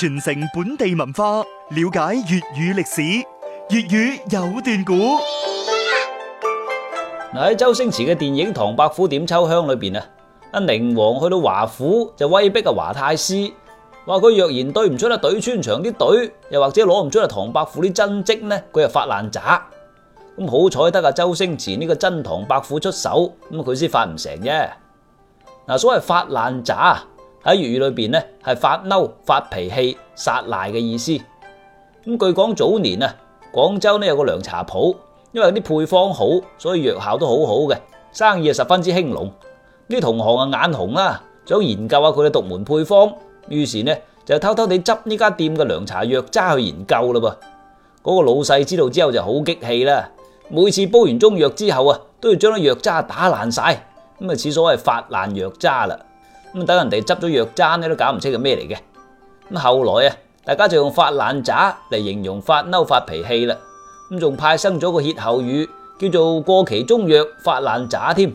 傳承本地文化，了解粵語歷史，粵語有段古，嗱喺 周星馳嘅電影《唐伯虎點秋香》裏邊啊，阿寧王去到華府就威逼阿華太師，話佢若然對唔出啦，對穿腸啲對，又或者攞唔出阿唐伯虎啲真跡呢，佢就發爛渣。咁好彩得阿周星馳呢個真唐伯虎出手，咁佢先發唔成啫。嗱，所謂發爛渣。喺粵語裏邊呢係發嬲、發脾氣、撒賴嘅意思。咁據講早年啊，廣州呢有個涼茶鋪，因為啲配方好，所以藥效都好好嘅，生意十分之興隆。啲同行啊眼紅啦，想研究下佢嘅獨門配方，於是呢，就偷偷地執呢家店嘅涼茶藥渣去研究啦噃。嗰、那個老細知道之後就好激氣啦，每次煲完中藥之後啊，都要將啲藥渣打爛晒，咁啊此所謂發爛藥渣啦。咁等人哋執咗藥渣，你都搞唔清佢咩嚟嘅。咁後來啊，大家就用發爛渣嚟形容發嬲、發脾氣啦。咁仲派生咗個歇後語，叫做過期中藥發爛渣添。